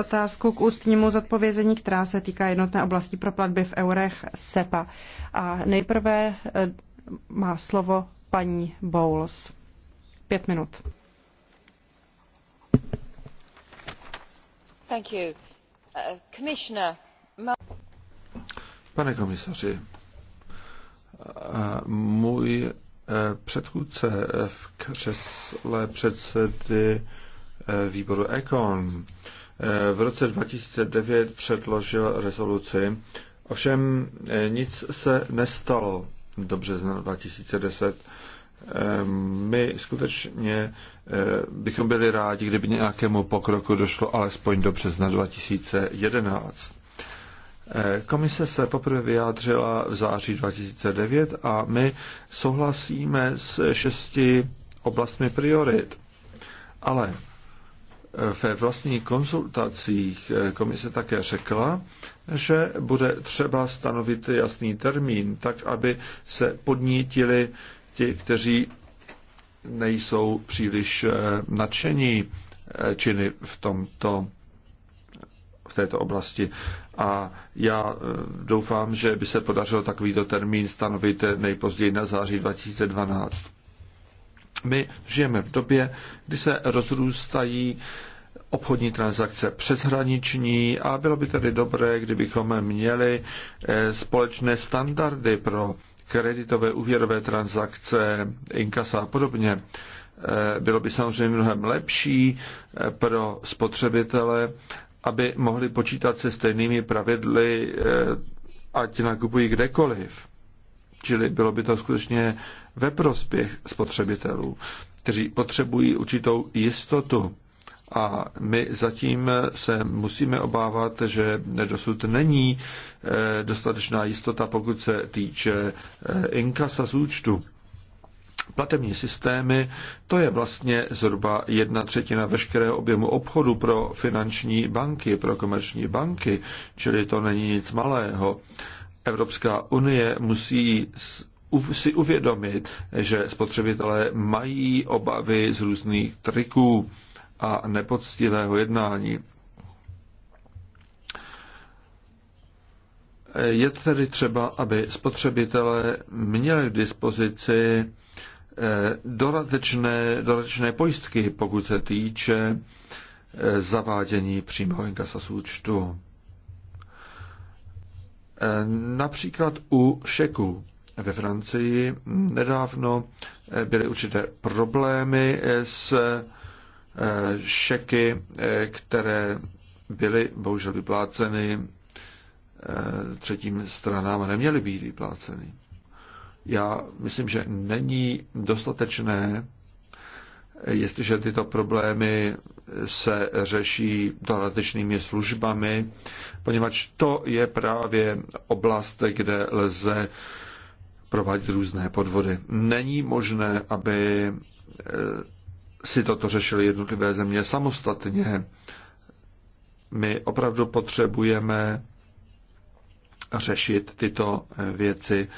otázku k ústnímu zodpovězení, která se týká jednotné oblasti pro platby v eurech SEPA. A nejprve eh, má slovo paní Bowles. Pět minut. Thank you. Uh, commissioner... Pane komisaři, eh, můj eh, předchůdce v křesle předsedy výboru Econ v roce 2009 předložil rezoluci. Ovšem eh, nic se nestalo do března 2010. My skutečně eh, bychom byli rádi, kdyby nějakému pokroku došlo alespoň do března 2011. Eh, komise se poprvé vyjádřila v září 2009 a my souhlasíme s šesti oblastmi priorit. Ale ve vlastních konzultacích komise také řekla, že bude třeba stanovit jasný termín, tak aby se podnítili ti, kteří nejsou příliš eh, nadšení eh, činy v tomto v této oblasti. A já eh, doufám, že by se podařilo takovýto termín stanovit nejpozději na září 2012. My žijeme v době, kdy se rozrůstají obchodní transakce přeshraniční a bylo by tedy dobré, kdybychom měli eh, společné standardy pro kreditové úvěrové transakce, inkasa a podobně. Eh, bylo by samozřejmě mnohem lepší eh, pro spotřebitele, aby mohli počítat se stejnými pravidly, ať nakupují kdekoliv. Čili bylo by to skutečně ve prospěch spotřebitelů, kteří potřebují určitou jistotu. A my zatím se musíme obávat, že dosud není eh, dostatečná jistota, pokud se týče eh, inkasa z účtu. Platební systémy, to je vlastně zhruba jedna třetina veškerého objemu obchodu pro finanční banky, pro komerční banky, čili to není nic malého. Evropská unie musí si uvědomit, že spotřebitelé mají obavy z různých triků a nepoctivého jednání. Je tedy třeba, aby spotřebitelé měli k dispozici eh, dodatečné, dodatečné pojistky, pokud se týče eh, zavádění přímého inkasa z účtu. Eh, například u šeků ve Francii nedávno eh, byly určité problémy eh, s šeky, které byly bohužel vypláceny třetím stranám a neměly být vypláceny. Já myslím, že není dostatečné, jestliže tyto problémy se řeší dodatečnými službami, poněvadž to je právě oblast, kde lze provádět různé podvody. Není možné, aby eh, si toto řešili jednotlivé země samostatně. My opravdu potřebujeme řešit tyto eh, věci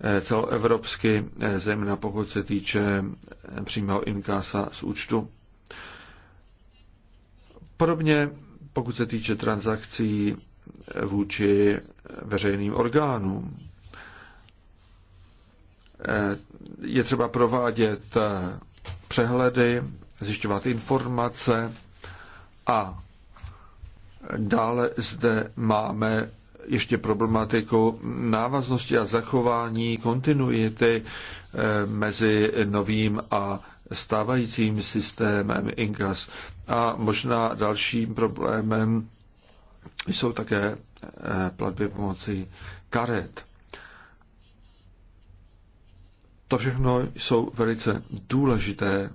eh, celoevropsky, zejména pokud se týče přímého inkasa z účtu. Podobně, pokud se týče transakcí vůči veřejným orgánům, eh, je třeba provádět eh, přehledy, zjišťovat informace a dále zde máme ještě problematiku návaznosti a zachování kontinuity eh, mezi novým a stávajícím systémem inkas. A možná dalším problémem jsou také eh, platby pomocí karet. To všechno jsou velice důležité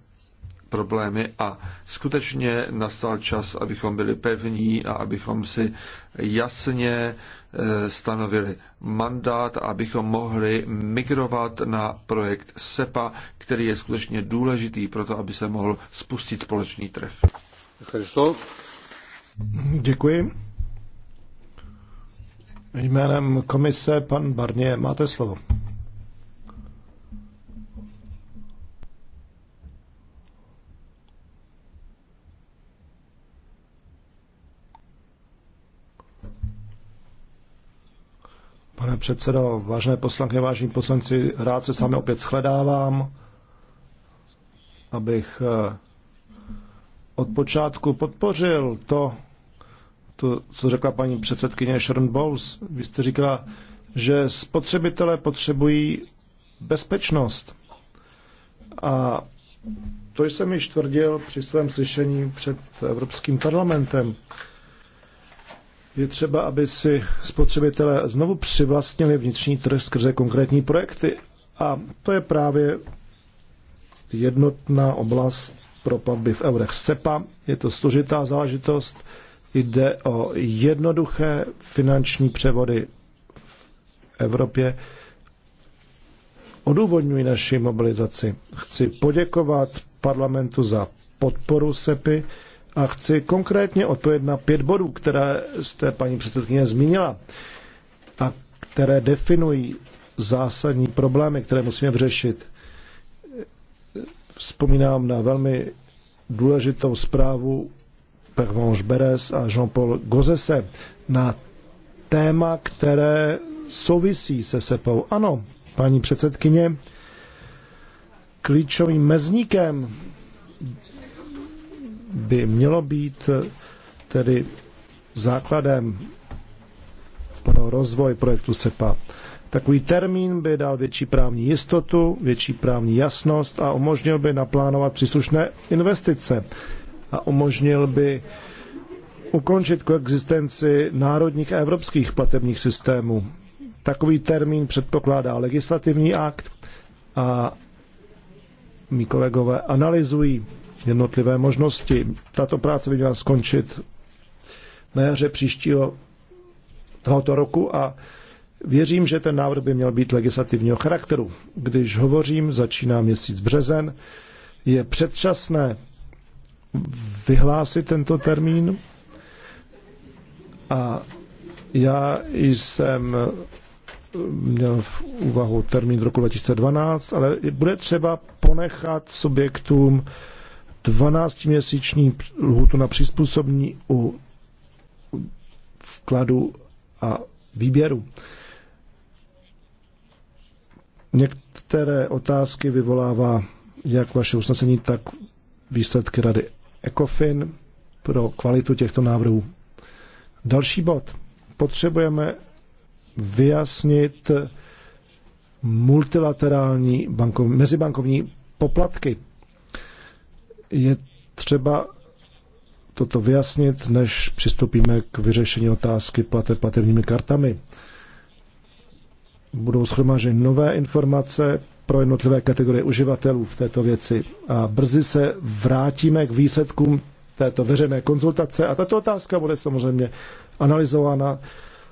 problémy a skutečně nastal čas, abychom byli pevní a abychom si jasně eh, stanovili mandát, abychom mohli migrovat na projekt SEPA, který je skutečně důležitý pro to, aby se mohl spustit společný trh. Děkuji. Jménem komise pan Barnier, máte slovo. Pane předsedo, vážené poslankyně, vážení poslanci, rád se s vámi opět shledávám, abych eh, od počátku podpořil to, to co řekla paní předsedkyně Sharon Bowles. Vy jste říkala, že spotřebitelé potřebují bezpečnost. A to jsem již tvrdil při svém slyšení před Evropským parlamentem je třeba, aby si spotřebitelé znovu přivlastnili vnitřní trh skrze konkrétní projekty. A to je právě jednotná oblast pro platby v eurech SEPA. Je to složitá záležitost. Jde o jednoduché finanční převody v Evropě. Odůvodňuji naši mobilizaci. Chci poděkovat parlamentu za podporu SEPy a chci konkrétně odpovědět na pět bodů, které jste, paní předsedkyně, zmínila a které definují zásadní problémy, které musíme vyřešit. Vzpomínám na velmi důležitou zprávu Pervenche Beres a Jean-Paul Gozese na téma, které souvisí se SEPou. Ano, paní předsedkyně, klíčovým mezníkem by mělo být eh, tedy základem pro rozvoj projektu CEPA. Takový termín by dal větší právní jistotu, větší právní jasnost a umožnil by naplánovat příslušné investice a umožnil by ukončit koexistenci národních a evropských platebních systémů. Takový termín předpokládá legislativní akt a mý kolegové analyzují jednotlivé možnosti. Tato práce by měla skončit na jaře příštího tohoto roku a věřím, že ten návrh by měl být legislativního charakteru. Když hovořím, začíná měsíc březen, je předčasné vyhlásit tento termín a já jsem měl v úvahu termín roku 2012, ale bude třeba ponechat subjektům 12-měsíční lhutu na přizpůsobení u vkladu a výběru. Některé otázky vyvolává jak vaše usnesení, tak výsledky rady ECOFIN pro kvalitu těchto návrhů. Další bod. Potřebujeme vyjasnit multilaterální bankovní, mezibankovní poplatky je třeba toto vyjasnit, než přistoupíme k vyřešení otázky plate platebními kartami. Budou schromáženy nové informace pro jednotlivé kategorie uživatelů v této věci a brzy se vrátíme k výsledkům této veřejné konzultace a tato otázka bude samozřejmě analyzována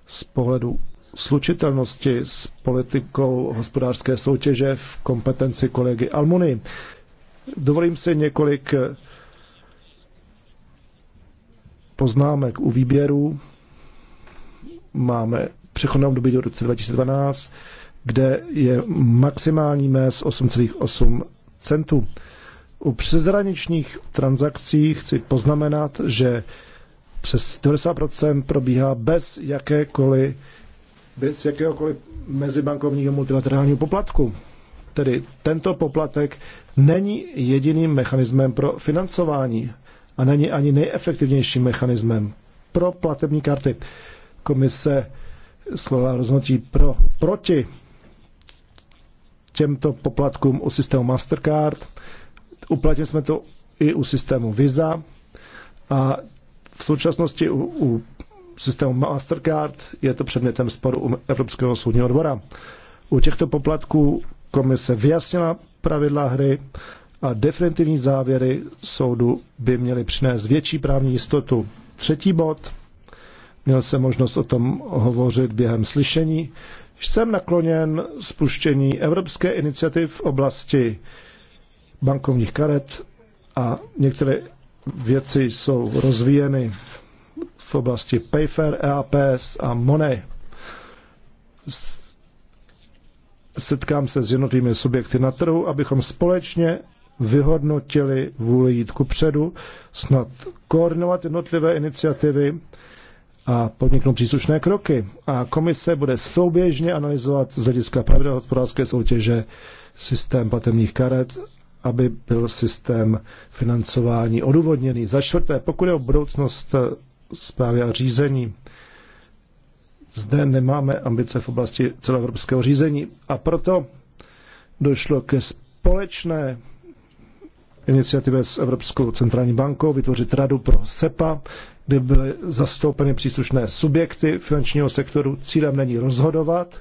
z pohledu slučitelnosti s politikou hospodářské soutěže v kompetenci kolegy Almuny. Dovolím si několik eh, poznámek u výběru. Máme přechodné období do roce 2012, kde je maximální mes 8,8 centů. U přezraničních transakcí chci poznamenat, že přes 90% probíhá bez jakékoliv bez jakéhokoliv mezibankovního multilaterálního poplatku. Tedy tento poplatek není jediným mechanismem pro financování a není ani nejefektivnějším mechanismem pro platební karty. Komise schválila rozhodnutí pro, proti těmto poplatkům u systému Mastercard. Uplatili jsme to i u systému Visa a v současnosti u, u systému Mastercard je to předmětem sporu u Evropského soudního dvora. U těchto poplatků komise vyjasnila pravidla hry a definitivní závěry soudu by měly přinést větší právní jistotu. Třetí bod, měl jsem možnost o tom hovořit během slyšení, jsem nakloněn spuštění evropské iniciativ v oblasti bankovních karet a některé věci jsou rozvíjeny v oblasti Payfair, EAPS a Money setkám se s jednotlivými subjekty na trhu, abychom společně vyhodnotili vůli jít ku předu, snad koordinovat jednotlivé iniciativy a podniknout příslušné kroky. A komise bude souběžně analyzovat z hlediska pravidel hospodářské soutěže systém platebních karet, aby byl systém financování odůvodněný. Za čtvrté, pokud je o budoucnost zprávy a řízení, zde nemáme ambice v oblasti celoevropského řízení a proto došlo ke společné iniciativě s Evropskou centrální bankou vytvořit radu pro SEPA, kde byly zastoupeny příslušné subjekty finančního sektoru. Cílem není rozhodovat,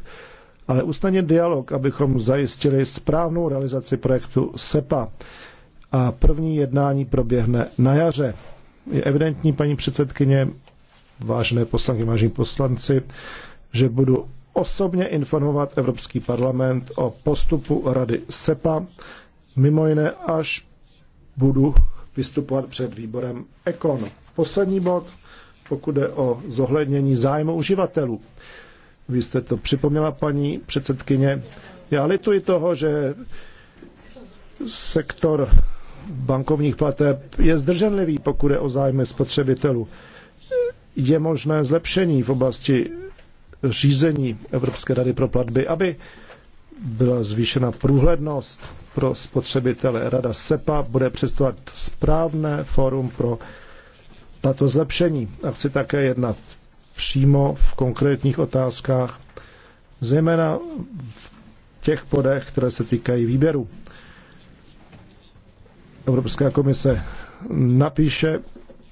ale usnadnit dialog, abychom zajistili správnou realizaci projektu SEPA. A první jednání proběhne na jaře. Je evidentní, paní předsedkyně, vážené poslanky, vážení poslanci, že budu osobně informovat Evropský parlament o postupu Rady SEPA, mimo jiné až budu vystupovat před výborem EKON. Poslední bod, pokud je o zohlednění zájmu uživatelů. Vy jste to připomněla, paní předsedkyně. Já lituji toho, že sektor bankovních plateb je zdrženlivý, pokud je o zájmy spotřebitelů je možné zlepšení v oblasti řízení Evropské rady pro platby, aby byla zvýšena průhlednost pro spotřebitele. Rada SEPA bude představovat správné fórum pro tato zlepšení a chci také jednat přímo v konkrétních otázkách, zejména v těch podech, které se týkají výběru. Evropská komise napíše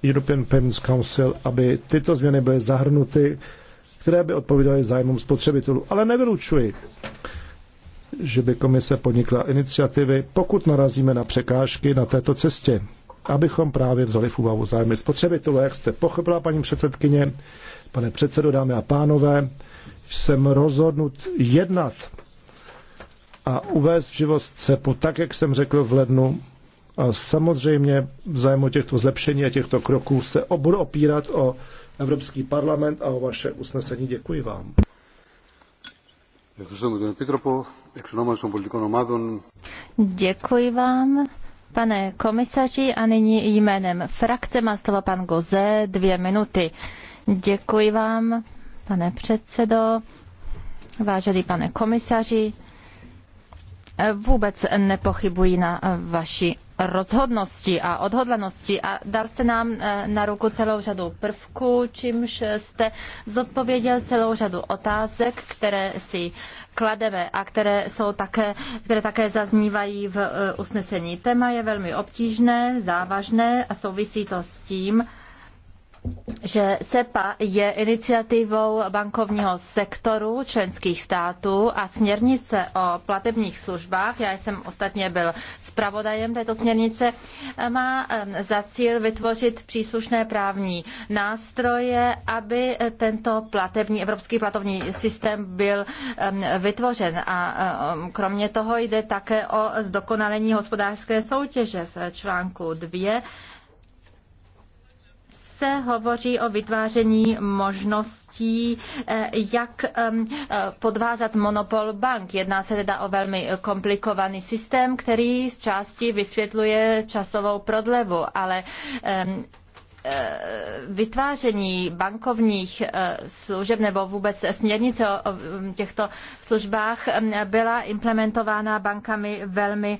European Payments Council, aby tyto změny byly zahrnuty, které by odpovídaly zájmům spotřebitelů. Ale nevylučuji, že by komise podnikla iniciativy, pokud narazíme na překážky na této cestě, abychom právě vzali v úvahu zájmy spotřebitelů. Jak jste pochopila, paní předsedkyně, pane předsedo, dámy a pánové, jsem rozhodnut jednat a uvést v život po tak jak jsem řekl v lednu a samozřejmě v zájmu těchto zlepšení a těchto kroků se budu opírat o Evropský parlament a o vaše usnesení. Děkuji vám. Děkuji vám, pane komisaři, a nyní jménem frakce má slovo pan Goze, dvě minuty. Děkuji vám, pane předsedo, vážený pane komisaři. Vůbec nepochybuji na vaši rozhodnosti a odhodlanosti a dal jste nám eh, na ruku celou řadu prvků, čímž jste zodpověděl celou řadu otázek, které si klademe a které, jsou také, které také zaznívají v eh, usnesení. Téma je velmi obtížné, závažné a souvisí to s tím, že SEPA je iniciativou bankovního sektoru členských států a směrnice o platebních službách, já jsem ostatně byl zpravodajem této směrnice, má za cíl vytvořit příslušné právní nástroje, aby tento platební, evropský platovní systém byl vytvořen. A kromě toho jde také o zdokonalení hospodářské soutěže v článku 2 se hovoří o vytváření možností, eh, jak eh, podvázat monopol bank. Jedná se teda o velmi komplikovaný systém, který z části vysvětluje časovou prodlevu, ale Eh, vytváření bankovních eh, služeb nebo vůbec směrnice o těchto službách eh, byla implementována bankami velmi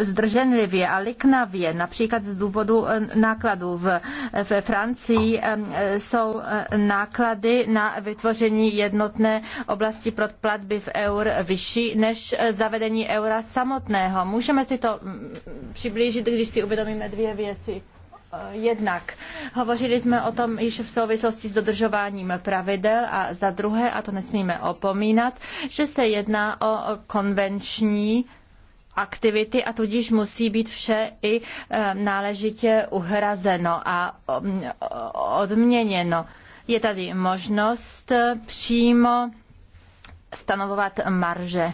zdrženlivě a liknavě, například z důvodu nákladů. Ve Francii jsou náklady na vytvoření jednotné oblasti pro platby v eur vyšší než zavedení eura samotného. Můžeme si to mm, přiblížit, když si uvědomíme dvě věci. Eh, jednak. Hovořili jsme o tom již v souvislosti s dodržováním pravidel a za druhé, a to nesmíme opomínat, že se jedná o konvenční aktivity a tudíž musí být vše i eh, náležitě uhrazeno a mm, odměněno. Je tady možnost eh, přímo stanovovat marže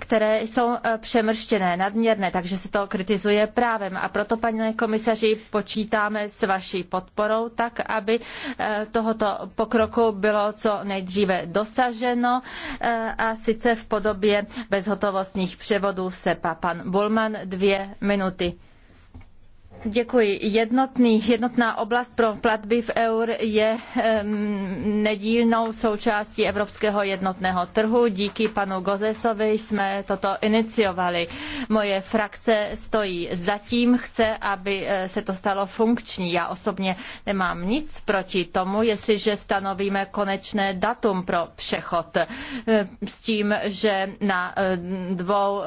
které jsou eh, přemrštěné, nadměrné, takže se to kritizuje právem. A proto, paní komisaři, počítáme s vaší podporou tak, aby eh, tohoto pokroku bylo co nejdříve dosaženo eh, a sice v podobě bezhotovostních převodů SEPA. Pan Bulman, dvě minuty. Děkuji. Jednotný, jednotná oblast pro platby v eur je um, nedílnou součástí evropského jednotného trhu. Díky panu Gozesovi jsme toto iniciovali. Moje frakce stojí zatím, chce, aby eh, se to stalo funkční. Já osobně nemám nic proti tomu, jestliže stanovíme konečné datum pro přechod eh, s tím, že na eh, dvou,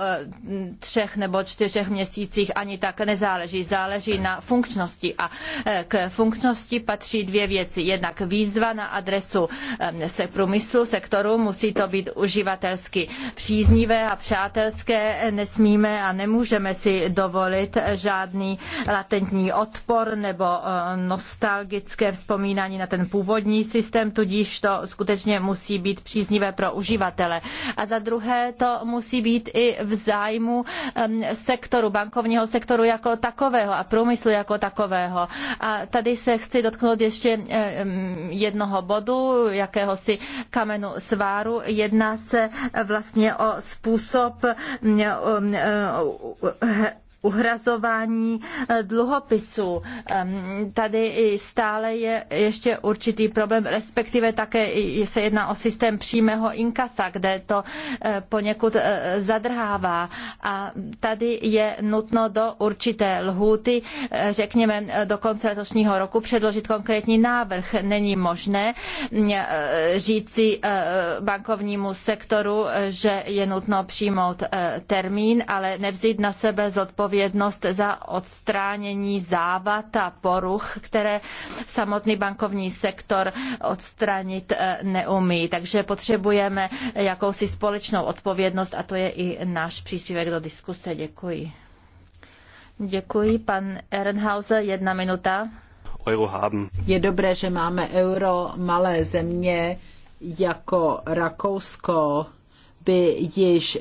třech nebo čtyřech měsících ani tak nezáleží. Záleží záleží na funkčnosti a eh, k funkčnosti patří dvě věci. Jednak výzva na adresu eh, se průmyslu, sektoru, musí to být uživatelsky příznivé a přátelské, nesmíme a nemůžeme si dovolit žádný latentní odpor nebo eh, nostalgické vzpomínání na ten původní systém, tudíž to skutečně musí být příznivé pro uživatele. A za druhé to musí být i v zájmu ehm, sektoru, bankovního sektoru jako takového a průmyslu jako takového. A tady se chci dotknout ještě eh, mm, jednoho bodu, jakéhosi kamenu sváru. Jedná se vlastně o způsob mm, mm, eh, uhrazování eh, dluhopisů. Tady stále je ještě určitý problém, respektive také se jedná o systém přímého inkasa, kde to eh, poněkud eh, zadrhává. A tady je nutno do určité lhůty, řekněme do konce letošního roku, předložit konkrétní návrh. Není možné mm, říci bankovnímu sektoru, že je nutno přijmout termín, ale nevzít na sebe zodpovědnost zodpovědnost za odstránění závad a poruch, které samotný bankovní sektor odstranit eh, neumí. Takže potřebujeme jakousi společnou odpovědnost a to je i náš příspěvek do diskuse. Děkuji. Děkuji. Pan Ehrenhauser, jedna minuta. Euro haben. Je dobré, že máme euro malé země jako Rakousko, by již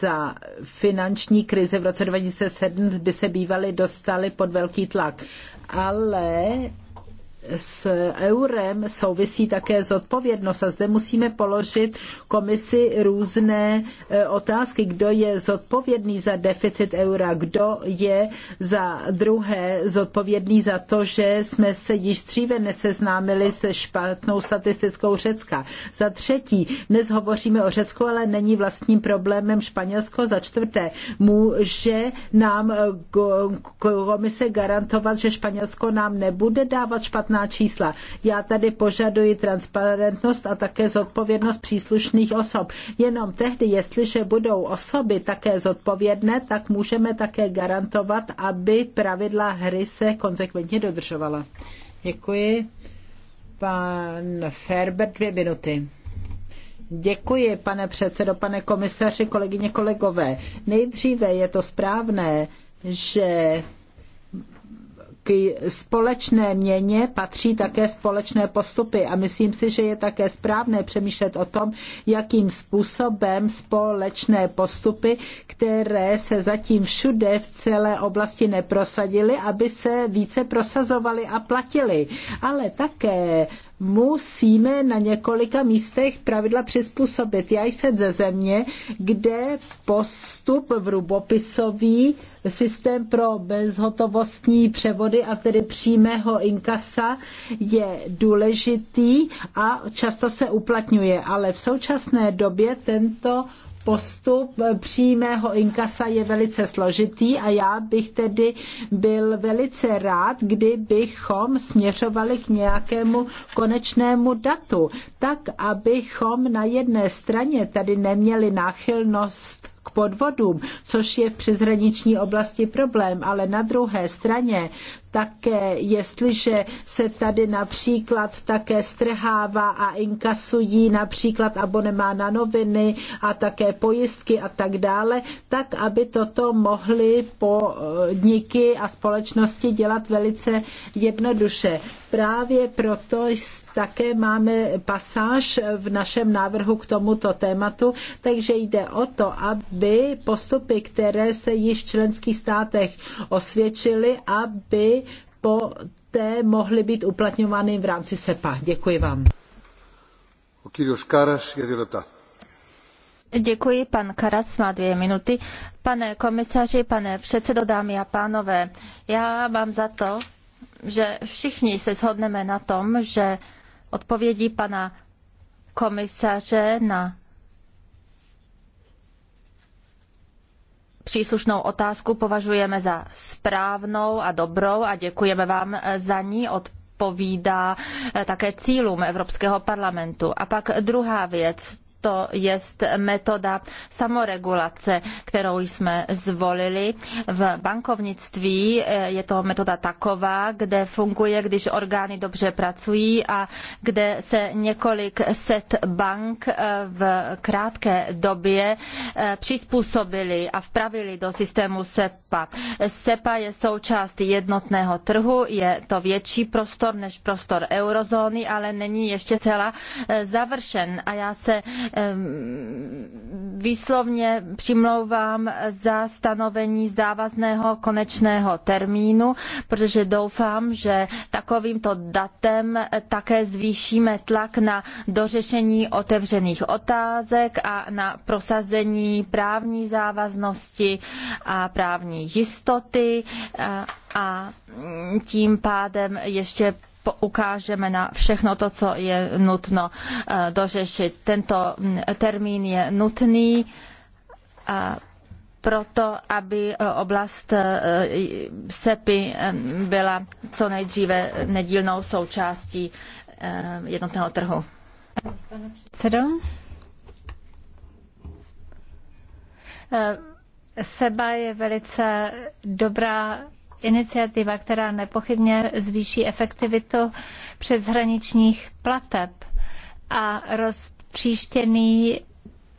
za finanční krize v roce 2007 by se bývaly dostaly pod velký tlak. Ale s eurem souvisí také zodpovědnost a zde musíme položit komisi různé e, otázky, kdo je zodpovědný za deficit eura, kdo je za druhé zodpovědný za to, že jsme se již dříve neseznámili se špatnou statistickou Řecka. Za třetí, dnes hovoříme o Řecku, ale není vlastním problémem Španělsko. Za čtvrté, může nám e, komise garantovat, že Španělsko nám nebude dávat špatnou špatná čísla. Já tady požaduji transparentnost a také zodpovědnost příslušných osob. Jenom tehdy, jestliže budou osoby také zodpovědné, tak můžeme také garantovat, aby pravidla hry se konsekventně dodržovala. Děkuji. Pan Ferber, dvě minuty. Děkuji, pane předsedo, pane komisaři, kolegyně, kolegové. Nejdříve je to správné, že k společné měně patří také společné postupy a myslím si, že je také správné přemýšlet o tom, jakým způsobem společné postupy, které se zatím všude v celé oblasti neprosadily, aby se více prosazovaly a platily. Ale také musíme na několika místech pravidla přizpůsobit. Já jsem ze země, kde postup v rubopisový systém pro bezhotovostní převody a tedy přímého inkasa je důležitý a často se uplatňuje, ale v současné době tento postup přímého inkasa je velice složitý a já bych tedy byl velice rád, kdybychom směřovali k nějakému konečnému datu, tak abychom na jedné straně tady neměli náchylnost k podvodům, což je v přeshraniční oblasti problém, ale na druhé straně také, jestliže se tady například také strhává a inkasují například abonemá na noviny a také pojistky a tak dále, tak aby toto mohly podniky a společnosti dělat velice jednoduše. Právě proto také máme pasáž v našem návrhu k tomuto tématu, takže jde o to, aby postupy, které se již v členských státech osvědčily, aby poté mohly být uplatňovány v rámci SEPA. Děkuji vám. Děkuji, pan Karas má dvě minuty. Pane komisaři, pane předsedo, dámy a pánové, já mám za to, že všichni se shodneme na tom, že odpovědí pana komisaře na příslušnou otázku považujeme za správnou a dobrou a děkujeme vám za ní odpovídá také cílům Evropského parlamentu. A pak druhá věc, to je metoda samoregulace, kterou jsme zvolili. V bankovnictví eh, je to metoda taková, kde funguje, když orgány dobře pracují a kde se několik set bank eh, v krátké době eh, přizpůsobili a vpravili do systému SEPA. SEPA je součást jednotného trhu, je to větší prostor než prostor eurozóny, ale není ještě celá završen a já se výslovně přimlouvám za stanovení závazného konečného termínu, protože doufám, že takovýmto datem také zvýšíme tlak na dořešení otevřených otázek a na prosazení právní závaznosti a právní jistoty a tím pádem ještě ukážeme na všechno to, co je nutno eh, dořešit. Tento mm, termín je nutný eh, proto, aby eh, oblast SEPI e byla co nejdříve nedílnou součástí jednotného trhu. Pane Seba e je velice dobrá iniciativa, která nepochybně zvýší efektivitu přeshraničních plateb a rozpříštěný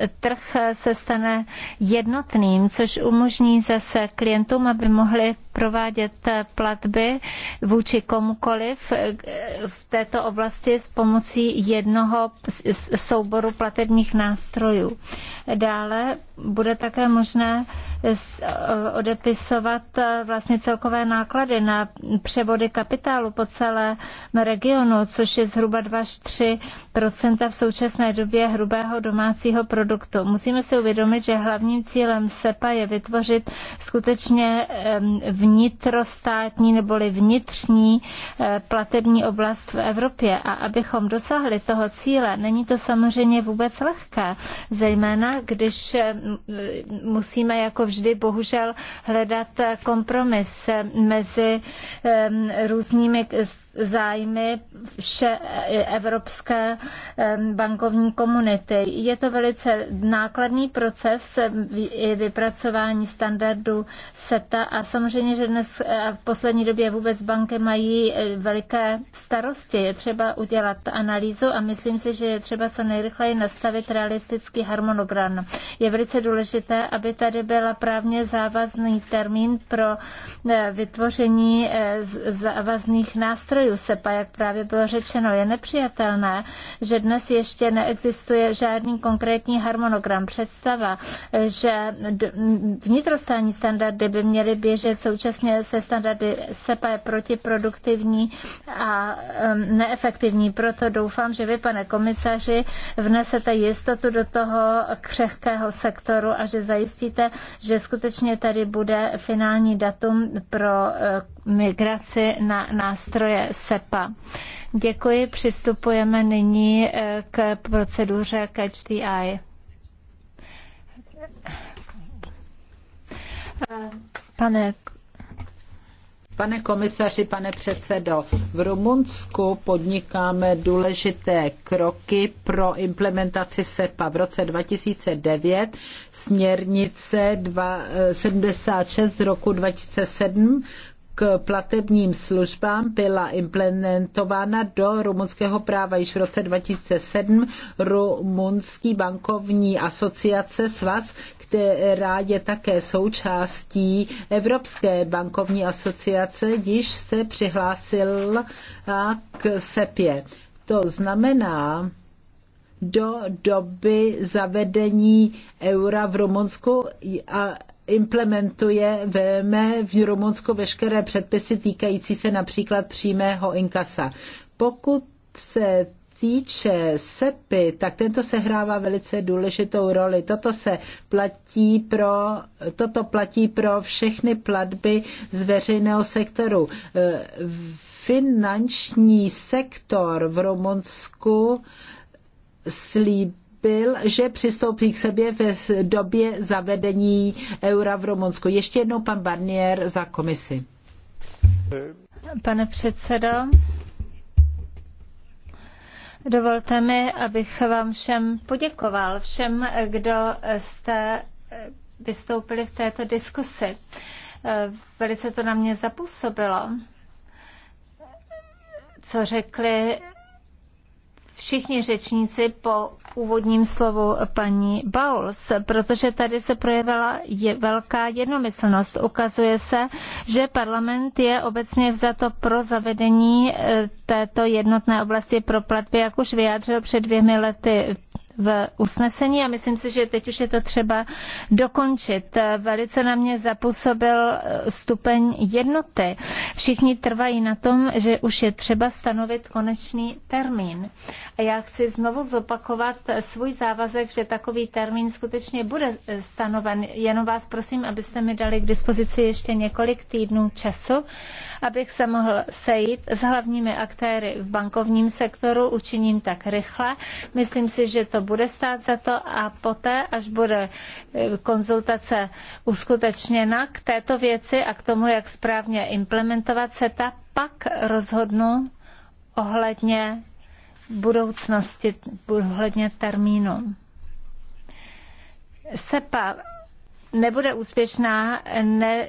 trh se stane jednotným, což umožní zase klientům, aby mohli provádět platby vůči komukoliv v této oblasti s pomocí jednoho souboru platebních nástrojů. Dále bude také možné odepisovat vlastně celkové náklady na převody kapitálu po celém regionu, což je zhruba 2 3 v současné době hrubého domácího produktu produktu. Musíme si uvědomit, že hlavním cílem SEPA je vytvořit skutečně vnitrostátní neboli vnitřní eh, platební oblast v Evropě. A abychom dosáhli toho cíle, není to samozřejmě vůbec lehké, zejména když musíme jako vždy bohužel hledat eh, kompromis eh, mezi různými zájmy vše evropské bankovní komunity. Je to velice nákladný proces vypracování standardu SETA a samozřejmě, že dnes a v poslední době vůbec banky mají e, veliké starosti. Je třeba udělat analýzu a myslím si, že je třeba co nejrychleji nastavit realistický harmonogram. Je velice důležité, aby tady byla právně závazný termín pro e, vytvoření e, závazných nástrojů SEPA, jak právě bylo řečeno. Je nepřijatelné, že dnes ještě neexistuje žádný konkrétní harmonogram harmonogram, představa, že vnitrostátní standardy by měly běžet současně se standardy SEPA je protiproduktivní a neefektivní. Proto doufám, že vy, pane komisaři, vnesete jistotu do toho křehkého sektoru a že zajistíte, že skutečně tady bude finální datum pro eh, migraci na nástroje SEPA. Děkuji, přistupujeme nyní eh, k proceduře Catch the Eye. Pane Pane komisaři, pane předsedo, v Rumunsku podnikáme důležité kroky pro implementaci SEPA. V roce 2009 směrnice 76 z roku 2007 k platebním službám byla implementována do rumunského práva již v roce 2007 Rumunský bankovní asociace Svaz, která je také součástí Evropské bankovní asociace, již se přihlásil k SEPě. E. To znamená, do doby zavedení eura v Rumunsku implementuje veme v Rumunsku veškeré předpisy týkající se například přímého inkasa. Pokud se týče SEPy, tak tento sehrává velice důležitou roli. Toto se platí pro, toto platí pro všechny platby z veřejného sektoru. Finanční sektor v Rumunsku slíbí, byl, že přistoupí k sobě v době zavedení eura v Rumunsku. Ještě jednou pan Barnier za komisi. Pane předsedo, dovolte mi, abych vám všem poděkoval, všem, kdo jste vystoupili v této diskusi. Velice to na mě zapůsobilo, co řekli všichni řečníci po úvodním slovu paní Bowles, protože tady se projevila je velká jednomyslnost. Ukazuje se, že parlament je obecně vzato pro zavedení eh, této jednotné oblasti pro platby, jak už vyjádřil před dvěmi lety v usnesení a myslím si, že teď už je to třeba dokončit. Velice na mě zapůsobil eh, stupeň jednoty. Všichni trvají na tom, že už je třeba stanovit konečný termín. A já chci znovu zopakovat eh, svůj závazek, že takový termín skutečně bude eh, stanoven. Jenom vás prosím, abyste mi dali k dispozici ještě několik týdnů času, abych se mohl sejít s hlavními aktéry v bankovním sektoru. Učiním tak rychle. Myslím si, že to bude bude stát za to a poté, až bude e, konzultace uskutečněna k této věci a k tomu, jak správně implementovat CETA, pak rozhodnu ohledně budoucnosti, ohledně termínu. SEPA nebude úspěšná, ne,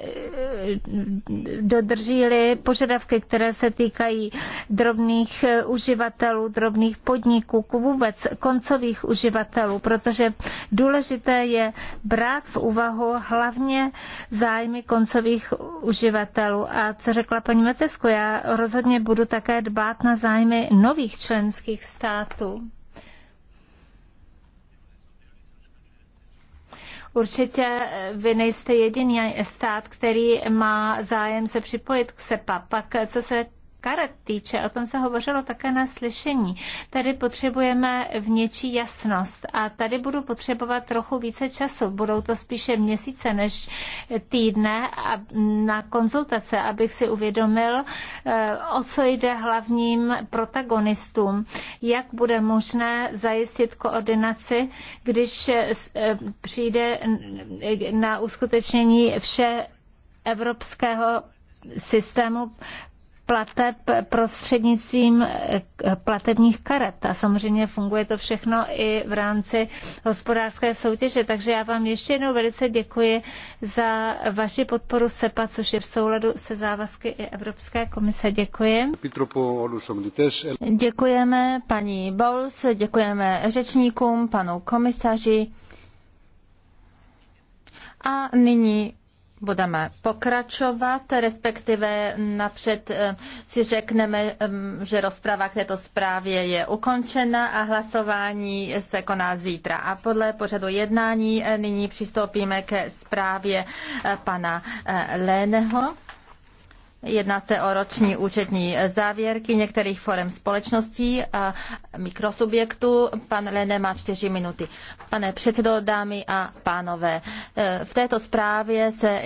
dodrží-li požadavky, které se týkají drobných eh, uživatelů, drobných podniků, vůbec koncových uživatelů, protože důležité je brát v úvahu hlavně zájmy koncových uživatelů. A co řekla paní Metesku, já rozhodně budu také dbát na zájmy nových členských států. Určitě eh, vy nejste jediný stát, který má zájem se připojit k SEPA. Pak eh, co se karet týče, o tom se hovořilo také na slyšení. Tady potřebujeme vnější jasnost a tady budu potřebovat trochu více času. Budou to spíše měsíce než týdne a na konzultace, abych si uvědomil, eh, o co jde hlavním protagonistům, jak bude možné zajistit koordinaci, když eh, eh, přijde na uskutečnění vše evropského systému plateb prostřednictvím eh, platebních karet. A samozřejmě funguje to všechno i v rámci hospodářské soutěže. Takže já vám ještě jednou velice děkuji za vaši podporu SEPA, což je v souladu se závazky i Evropské komise. Děkuji. Děkujeme paní Bowles, děkujeme řečníkům, panu komisaři. A nyní budeme pokračovat, respektive napřed eh, si řekneme, eh, že rozprava k této zprávě je ukončena a hlasování se koná zítra. A podle pořadu jednání eh, nyní přistoupíme ke zprávě pana Léneho. Jedná se o roční účetní závěrky některých forem společností a mikrosubjektů. Pan Lene má čtyři minuty. Pane předsedo, dámy a pánové, v této zprávě se